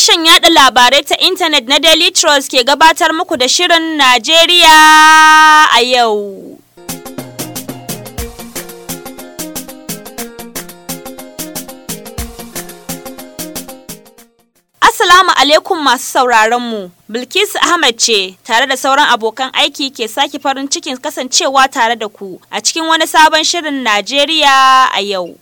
Sashen yada labarai ta intanet na Daily Trust ke gabatar muku da Shirin Najeriya a yau. asalamu alaikum masu sauraron mu. Bilkisu ahmed ce tare da sauran abokan aiki ke sake farin cikin kasancewa tare da ku a cikin wani sabon shirin Najeriya a yau.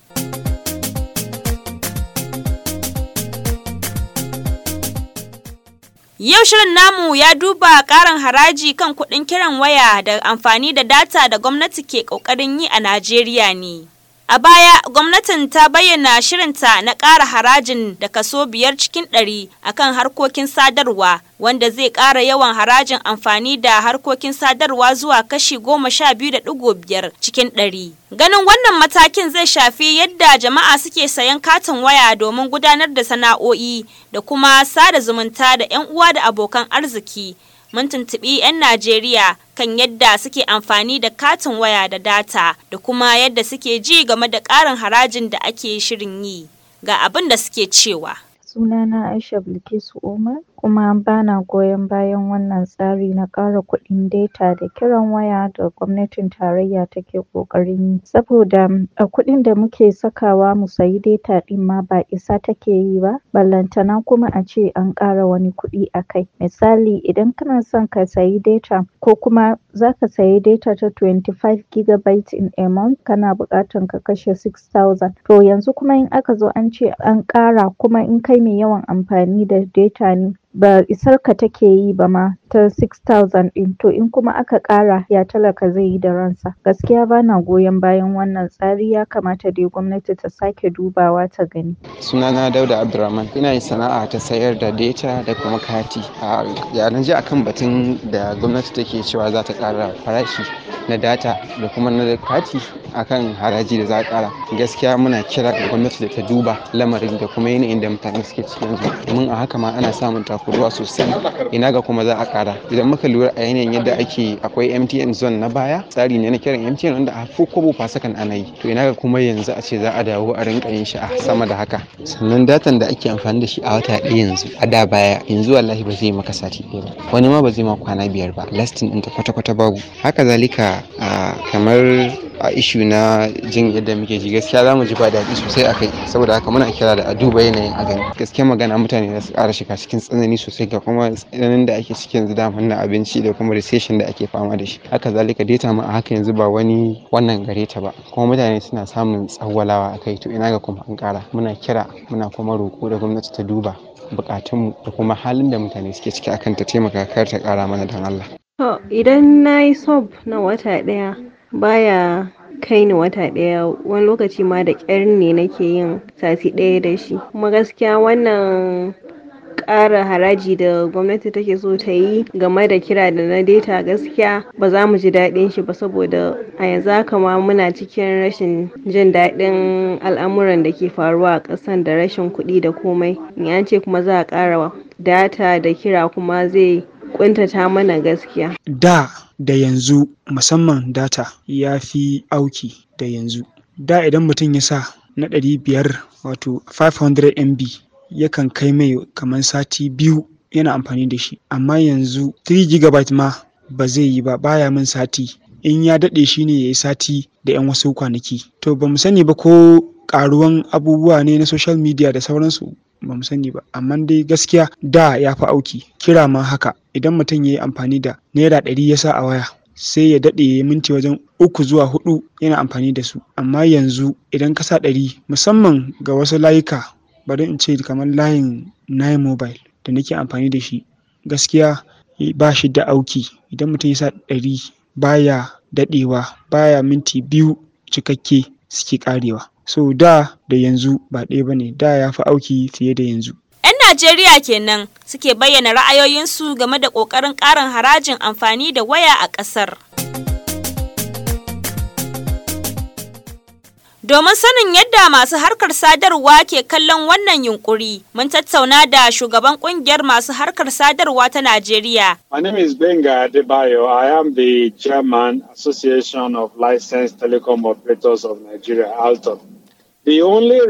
Yau shirin namu ya duba ƙarin haraji kan kuɗin kiran waya da amfani da data da gwamnati ke ƙoƙarin yi a Najeriya ne. A baya, gwamnatin ta bayyana shirinta na ƙara harajin da kaso biyar cikin ɗari a kan harkokin sadarwa, wanda zai ƙara yawan harajin amfani da harkokin sadarwa zuwa kashi goma sha biyu da ɗigo biyar cikin ɗari. Ganin wannan matakin zai shafi yadda jama'a suke sayan katin waya domin gudanar da sana'o'i da kuma sada zumunta da 'yan uwa da abokan arziki. mun tuntuɓi 'yan Najeriya kan yadda suke amfani da katin waya da data da kuma yadda suke ji game da ƙarin harajin da ake shirin yi ga abin da suke cewa. sunana Aisha Bilkisu Umar kuma bana goyon bayan wannan tsari na ƙara kuɗin data da kiran waya da gwamnatin tarayya take ƙoƙarin yi saboda a kuɗin da muke sakawa mu sayi data ɗin ma ba isa take yi ba ballantana kuma a ce an ƙara wani kuɗi a kai misali idan kana son ka sayi data ko kuma za ka sayi data ta 25 five gigabyte in a month kana buƙatar ka kashe six to yanzu kuma in aka zo an ce an ƙara kuma in kai kai mai yawan amfani da data ne ba isar ka take yi ba ma ta 6000 din to in kuma aka kara ya talaka zai yi da ransa gaskiya bana goyon bayan wannan tsari ya kamata dai gwamnati ta sake dubawa ta gani sunana dauda abdurrahman ina yin sana'a ta sayar da data da kuma kati a yaran ji akan batun da gwamnati take cewa za ta kara farashi na data da kuma na kati akan haraji da za a kara gaskiya muna kira da gwamnati da ta duba lamarin da kuma yanayin da mutane suke ciki yanzu domin a haka ma ana samun takuruwa sosai ina ga kuma za a kara idan muka lura a yanayin yadda ake akwai mtn zone na baya tsari ne na kiran mtn wanda a fi kobo fasakan ana yi to ina ga kuma yanzu a ce za a dawo a rinka yin shi a sama da haka sannan datan da ake amfani da shi a wata ɗaya yanzu a da baya yanzu wallahi ba zai maka sati ɗaya ba wani ma ba zai ma kwana biyar ba lastin ɗinka kwata-kwata babu haka zalika kamar a ishu na jin yadda muke ji gaskiya za mu ji ba daɗi sosai a kai saboda haka muna kira da a duba yanayin a gani gaskiya magana mutane na su ƙara shiga cikin tsanani sosai ga kuma tsananin da ake cikin yanzu daman na abinci da kuma recession da ake fama da shi haka zalika data ma a haka yanzu ba wani wannan gare ta ba kuma mutane suna samun tsawalawa a kai to ina ga kuma an kara muna kira muna kuma roƙo da gwamnati ta duba buƙatunmu da kuma halin da mutane suke ciki akan ta taimaka kar ta ƙara mana don Allah. idan na yi sob na wata ɗaya baya kai ni wata ɗaya wani lokaci ma da ƙyar ne nake yin sati ɗaya da shi kuma gaskiya wannan ƙara haraji da gwamnati take so ta yi game da kira da na data gaskiya ba za mu ji daɗin shi ba saboda a yanzu haka ma muna cikin rashin jin daɗin al'amuran da ke faruwa a ƙasan da rashin kuɗi da komai ni an ce kuma za a ƙara data da kira kuma zai kuntata mana gaskiya. Da da yanzu musamman data ya fi auki da yanzu. Da idan mutum ya sa na ɗari biyar wato 500 MB yakan kai mai kamar sati biyu yana amfani da shi. Amma yanzu 3 GB ma ba zai yi ba baya min sati. In ya daɗe shi ne ya yi sati da 'yan wasu kwanaki. To ba mu sani ba ko ƙaruwan abubuwa ne na social media da sauransu ba mu sani ba amma dai gaskiya da ya fi auki kira ma haka idan mutum ya yi amfani da naira ɗari ya sa a waya sai ya daɗe ya minti wajen uku zuwa hudu yana amfani da su amma yanzu idan ka sa ɗari musamman ga wasu layuka bari in ce kamar layin nine mobile da nake amfani da shi gaskiya ba shi da auki idan mutum ya sa ɗari baya daɗewa baya minti biyu cikakke suke ƙarewa. So da da yanzu ba ɗaya bane da ya fi auki fiye da yanzu. 'Yan Najeriya kenan suke bayyana ra'ayoyinsu game da ƙoƙarin ƙarin harajin amfani da waya a ƙasar. Domin sanin yadda masu harkar sadarwa ke kallon wannan yunkuri, mun tattauna da shugaban kungiyar masu harkar sadarwa ta Najeriya. My name is Benga Adebayo. I am the chairman Association of Licensed Telecom Operators of Nigeria, ALTO. The only uh,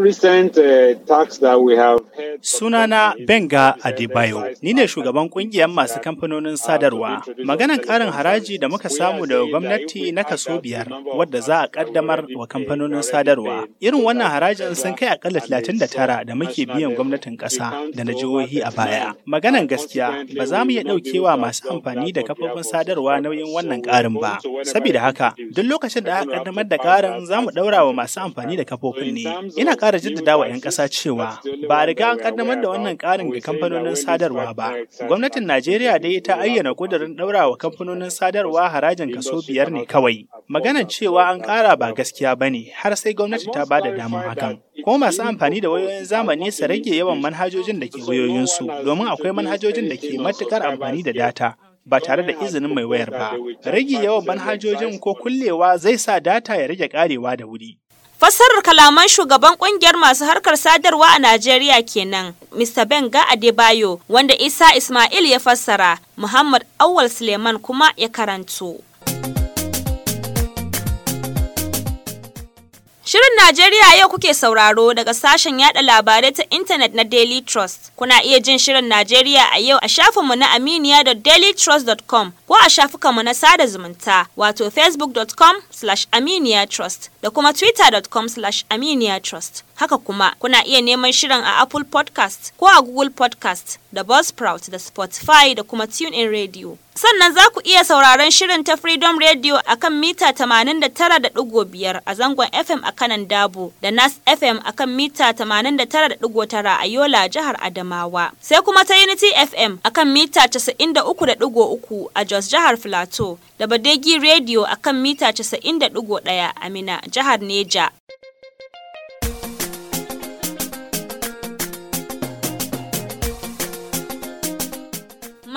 Sunana Benga uh, Adebayo, ni ne shugaban kungiyar masu kamfanonin uh, sadarwa. Maganan ƙarin haraji da muka samu daga gwamnati na kaso biyar wadda za a ƙaddamar wa kamfanonin sadarwa. Irin wannan harajin sun kai akalla talatin da tara da muke biyan gwamnatin ƙasa da na jihohi a baya. Maganan gaskiya ba za mu iya ɗaukewa masu amfani da kafofin sadarwa nauyin wannan ƙarin ba. Saboda haka, duk lokacin da aka ƙaddamar da ƙarin za mu ɗaura wa masu amfani da kafofin ne. Ina ƙara jaddada wa 'yan ƙasa cewa ba a riga an ƙaddamar da wannan ƙarin ga kamfanonin sadarwa ba. Gwamnatin Najeriya dai ta ayyana ƙudurin ɗaura wa kamfanonin sadarwa harajin kaso biyar ne kawai. Maganar cewa an ƙara ba gaskiya ba ne har sai gwamnati ta ba da damar hakan. Kuma masu amfani da wayoyin zamani su rage yawan manhajojin da ke wayoyinsu domin akwai manhajojin da ke matuƙar amfani da data. ba tare da izinin mai wayar ba. Rage yawan manhajojin ko kullewa zai sa data ya rage karewa da wuri. Fassarar kalaman shugaban kungiyar masu harkar sadarwa a Najeriya kenan, Mr. Benga Adebayo, wanda Isa Ismail ya fassara, Muhammad Awal Suleiman kuma ya karanto. Shirin Najeriya yau kuke sauraro daga sashen yada labarai ta intanet na Daily Trust. Kuna iya jin Shirin Najeriya a yau a shafinmu na aminiya.dailytrust.com ko a mu na sada zumunta wato facebook.com/aminiya trust da kuma twitter.com/aminiya trust. Haka kuma kuna iya neman shirin a Apple Podcast ko a Google Podcast da Buzzsprout da Spotify da kuma TuneIn Radio. Sannan za ku iya sauraron shirin ta Freedom Radio a kan mita 89.5 a zangon FM a kanan Dabo da Nas FM a kan mita 89.9 a Yola jihar Adamawa. Sai kuma ta Unity FM a kan mita 93.3 a Jos jihar Filato da Badegi Radio a kan mita 91 a Mina jihar Neja.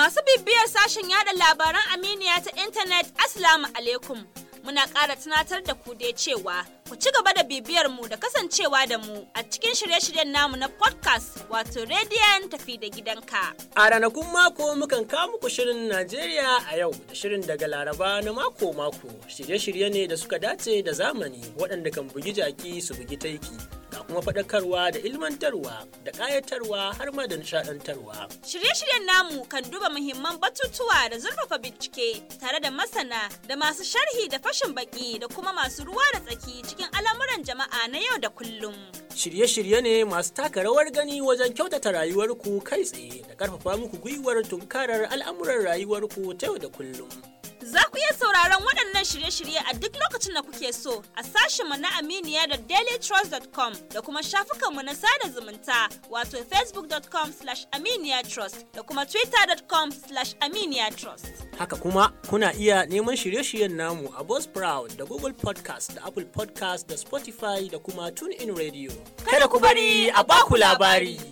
Masu bibiyar sashen yada labaran Aminiya ta intanet Assalamu alaikum. Muna ƙara tunatar da ku dai cewa ku ci gaba da bibiyar mu da kasancewa da mu a cikin shirye-shiryen namu na podcast wato rediyon tafi da gidanka. A ranakun mako mukan kawo muku shirin Najeriya a yau da shirin daga Laraba na mako-mako shirye-shirye ne da suka dace da zamani waɗanda kan bugi jaki su bugi taiki. ga kuma faɗakarwa da ilmantarwa da ƙayatarwa har ma da nishaɗantarwa. Shirye-shiryen namu kan duba muhimman batutuwa da zurfafa bincike tare da masana da masu sharhi da fashin baki da kuma masu ruwa da tsaki cikin al'amuran jama'a na yau da kullum. Shirye-shirye ne masu taka rawar gani wajen kyautata rayuwarku kai tsaye da ƙarfafa muku gwiwar tunkarar al'amuran rayuwarku ta yau da kullum. Za ku iya sauraron waɗannan shirye-shirye a duk lokacin da kuke so a sashen mu na Aminiya da dailytrust.com da kuma shafukanmu na sada zumunta wato facebook.com aminiyatrust da kuma twitter.com aminiyatrust. Haka kuma kuna iya neman shirye-shiryen namu a Buzzsprout da Google Podcast da Apple Podcast da Spotify da kuma TuneIn Radio. Kada ku bari a baku labari.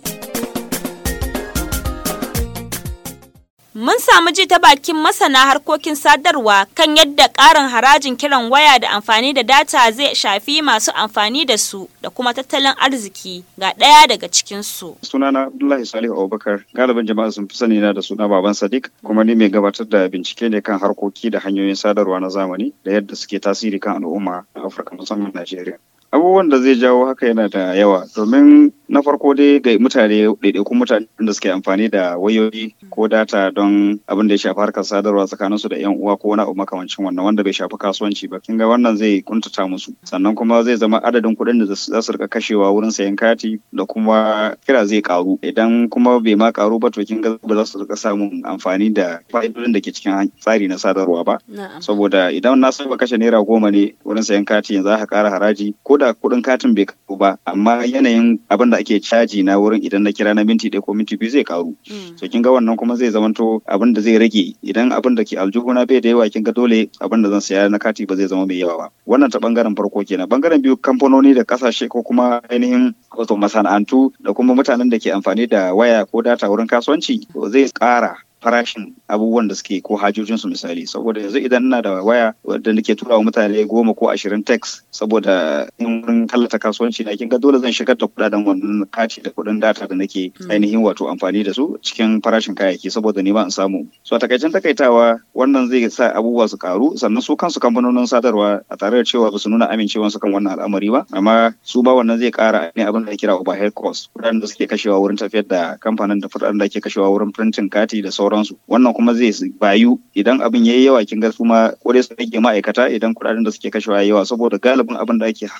mun samu ji ta bakin masana harkokin sadarwa kan yadda ƙarin harajin kiran waya da amfani da data zai shafi masu amfani da su da kuma tattalin arziki ga ɗaya daga cikin cikinsu. Sunana Abdullahi Salihu Abubakar, galibin jama'a sun fi sani na da suna Baban Sadiq, kuma ni mai gabatar da bincike ne kan harkoki da hanyoyin sadarwa na zamani da yadda suke tasiri kan al'umma a Afirka musamman Najeriya. Abubuwan da zai jawo haka yana da yawa domin na farko dai ga mutane ɗaiɗaikun mutane da suke amfani da wayoyi ko data don abin da ya shafi harkar sadarwa tsakanin su da yan uwa ko wani abu makamancin wannan wanda bai shafi kasuwanci ba kin ga wannan zai kuntata musu sannan kuma zai zama adadin kuɗin da za su rika kashewa wurin sayan kati da kuma kira zai karu idan kuma bai ma karu ba to kin ga ba za su rika samun amfani da fa'idodin da ke cikin tsari na sadarwa ba saboda idan na saba kashe naira goma ne wurin sayan kati yanzu ka kara haraji ko da kuɗin katin bai karu ba amma yanayin abin da ake caji na wurin idan na kira na minti ɗaya ko minti biyu zai karu mm. so kin ga wannan kuma zai zamanto abin da zai rage idan abin da ke aljihu na bai da yawa kin ga dole abin da zan saya na kati ba zai zama mai yawa ba wannan ta bangaren farko kenan bangaren biyu kamfanoni da kasashe ko kuma ainihin wato masana'antu da kuma mutanen da ke amfani da waya ko data wurin kasuwanci zai ƙara farashin abubuwan da suke ko su misali saboda yanzu idan ina da waya wadda nake tura wa mutane goma ko ashirin text saboda in wurin kallata kasuwanci na ga dole zan shigar da kudaden wannan kati da kudin data da nake hmm. ainihin wato amfani da su cikin farashin kayayyaki saboda nema in samu so a takaitawa wannan zai sa abubuwa su karu sannan su kansu kamfanonin sadarwa a tare da cewa ba su nuna amincewansu kan wannan al'amari ba amma su ba wannan zai kara ne abin da kira overhead cost kudaden da suke kashewa wurin tafiyar da kamfanin da kudaden da ake kashewa wurin printing kati da sauran sauransu wannan kuma zai bayu idan abin yayi yawa kin ga su ma kore su rage ma'aikata idan kuɗaɗen da suke kashewa yawa saboda galibin abin da ake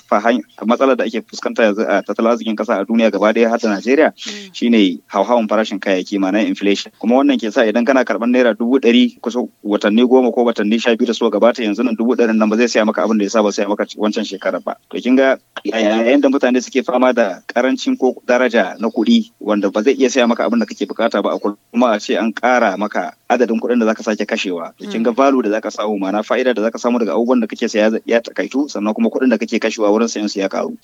matsalar da ake fuskanta yanzu a tattalin arzikin kasa a duniya gaba ɗaya har Najeriya hmm. shine hauhawan farashin kayayyaki ma na inflation kuma wannan ke sa idan kana karɓar naira dubu ɗari kusa watanni goma ko watanni sha biyu da suka gabata yanzu nan dubu ɗarin nan ba zai siya maka abin da ya saba siya maka wancan shekarar ba to kin ga yayin da mutane suke fama da karancin ko daraja na kuɗi wanda ba zai iya siya maka abin da kake bukata ba a kuma a ce an ƙara ƙara maka adadin kuɗin da zaka sake kashewa to hmm. kin ga value da zaka samu ma'ana fa'ida da zaka samu daga abubuwan da kake saya ya takaitu sannan kuma kuɗin da kake kashewa wurin sayan su ya karu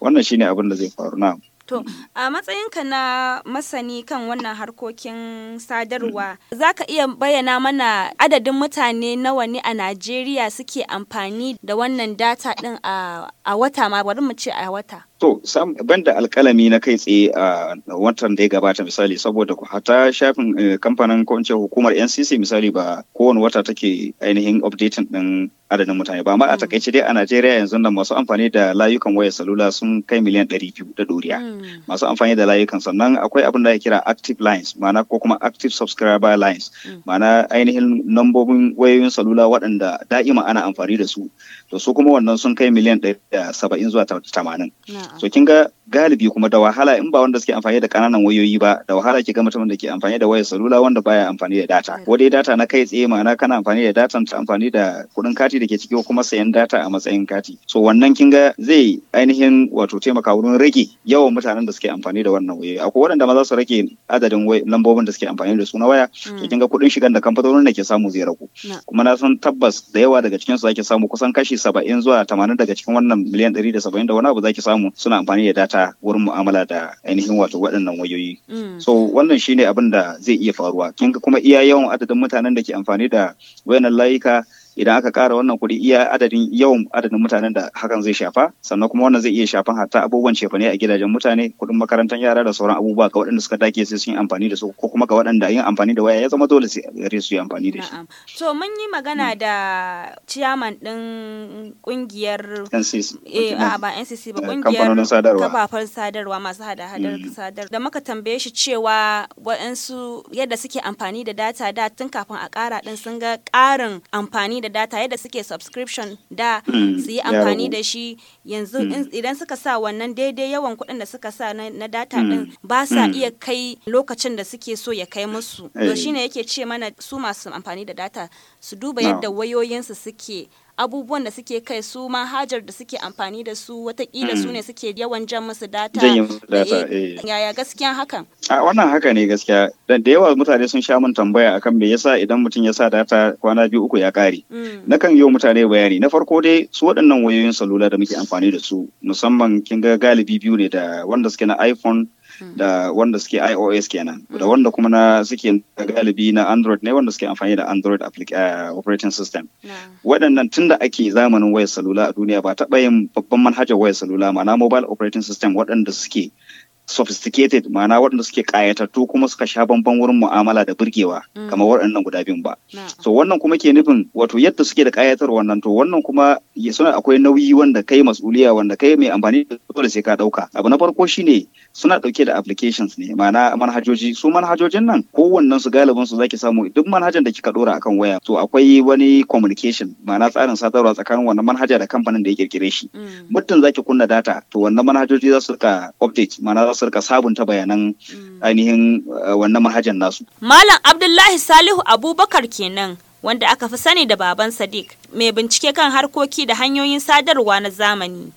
wannan shine abin da zai faru na to a matsayinka na masani kan wannan harkokin sadarwa hmm. zaka iya bayyana mana adadin mutane nawa ne a Najeriya suke amfani da wannan data din a wata ma bari mu ce a wata To, da alkalami na kai tsaye a watan da ya gabata misali saboda hata shafin eh, kamfanin ko hukumar NCC misali ba kowane wata take ainihin updating din adadin mutane ba amma a hmm. takaice dai a Najeriya yanzu nan masu amfani da layukan wayar salula sun kai miliyan 200 da doriya. Hmm. Masu amfani da layukan sannan akwai abin da ya kira active lines ma'ana ko kuma active subscriber lines hmm. ma'ana ainihin nambobin wayoyin salula waɗanda da'ima ana amfani da su. To su kuma wannan sun kai miliyan 170 zuwa 80. So kin ga galibi kuma da wahala in ba wanda suke amfani da kananan wayoyi ba da wahala ki ga mutumin da ke amfani da wayar salula wanda baya amfani da data. Ko dai data na kai tsaye ma'ana kana amfani da data ta amfani da kuɗin kati da ke ciki ko kuma sayan data a matsayin kati. So wannan kin ga zai ainihin wato taimaka wurin rage yawan mutanen da suke amfani da wannan wayoyi. Akwai waɗanda ma za su rage adadin lambobin da suke amfani da su na waya. To kin ga kuɗin shigan da kamfanonin da ke samu zai ragu. Kuma na san tabbas da yawa daga cikin su zaki samu kusan kashi saba'in zuwa tamanin daga cikin wannan miliyan ɗari da saba'in da wani abu zaki samu suna amfani da data wurin mu'amala da ainihin wato waɗannan wayoyi. Mm. So wannan shine abin da zai iya faruwa. Kin kuma iya yawan adadin mutanen da ke amfani da wayannan layuka idan aka ƙara wannan kuɗi iya adadin yawan adadin mutanen da hakan zai shafa sannan kuma wannan zai iya shafan hatta abubuwan cefane a gidajen mutane kuɗin makarantar yara da sauran abubuwa ga waɗanda suka dake sai sun yi amfani da su ko kuma ga waɗanda yin amfani da waya ya zama dole sai gare su yi amfani da shi. To mun yi magana hmm. da ciyaman ɗin ƙungiyar eh, a ba NCC ba eh, ƙungiyar kafafen sadarwa masu hada-hadar hmm. sadarwa da muka tambaye shi cewa waɗansu yadda suke amfani da data da tun kafin a ƙara ɗin sun ga ƙarin amfani da da data yadda suke subscription da hmm, su yi amfani da shi yanzu hmm. idan suka sa wannan daidai yawan kuɗin da suka sa na data din hmm. ba sa iya kai lokacin da suke so ya kai musu to eh. shine yake ce mana su masu amfani da data su duba yadda wayoyinsu suke abubuwan da suke kai su manhajar da suke amfani da su watakila su mm. ne suke yawan jan musu data jan eh, eh. yaya gaskiya hakan a wannan haka ne gaskiya da yawa mutane sun sha mun tambaya akan me yasa idan mutum ya sa data kwana biyu uku ya kare mm. nakan yi wa mutane bayani na farko dai su waɗannan wayoyin salula da muke amfani da su musamman kin ga galibi biyu ne da wanda suke na iPhone da wanda suke iOS kenan da wanda kuma na suke galibi na Android ne wanda suke amfani da Android eh, operating system waɗannan tunda ake zamanin wayar salula a duniya ba taɓa yin babban manhajar wayar salula ma'ana mobile operating system waɗanda suke sophisticated ma'ana waɗanda suke ƙayatattu kuma suka sha bamban wurin mu'amala da birgewa mm. kamar waɗannan guda biyun ba so wannan kuma ke nufin wato yadda suke da ƙayatar wannan to wannan kuma suna akwai nauyi wanda kai mas'uliya wanda kai mai amfani da dole sai ka ɗauka abu na farko shi ne suna ɗauke da applications ne ma'ana manhajoji su manhajojin nan kowannen su galibin su zaki samu duk manhajan da kika ɗora akan waya to akwai wani communication ma'ana tsarin sadarwa tsakanin wannan manhaja da kamfanin da ya kirkire shi mm. muddin zaki kunna data to wannan manhajoji za su ka update ma'ana kasar ka sabunta bayanan mm. ainihin eh, wannan mahajan nasu. Malam Abdullahi Salihu Abubakar kenan wanda aka fi sani da baban Sadiq mai bincike kan harkoki da hanyoyin sadarwa na zamani.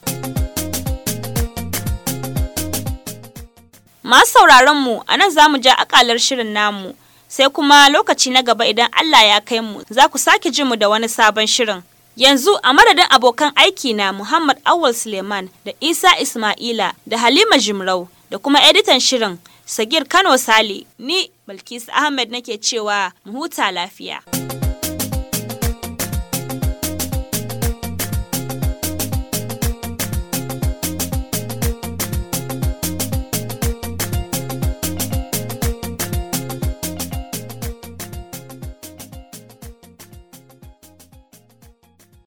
Masu sauraron mu a nan za mu ja akalar shirin namu sai kuma lokaci na gaba idan Allah ya kai mu za ku sake ji mu da wani sabon shirin. Yanzu a madadin abokan aiki na Muhammad Awal Suleiman da Isa Ismaila da Halima Jimrau da kuma editan shirin Sagir Kano Sale ni Balkis Ahmed nake cewa mu huta lafiya.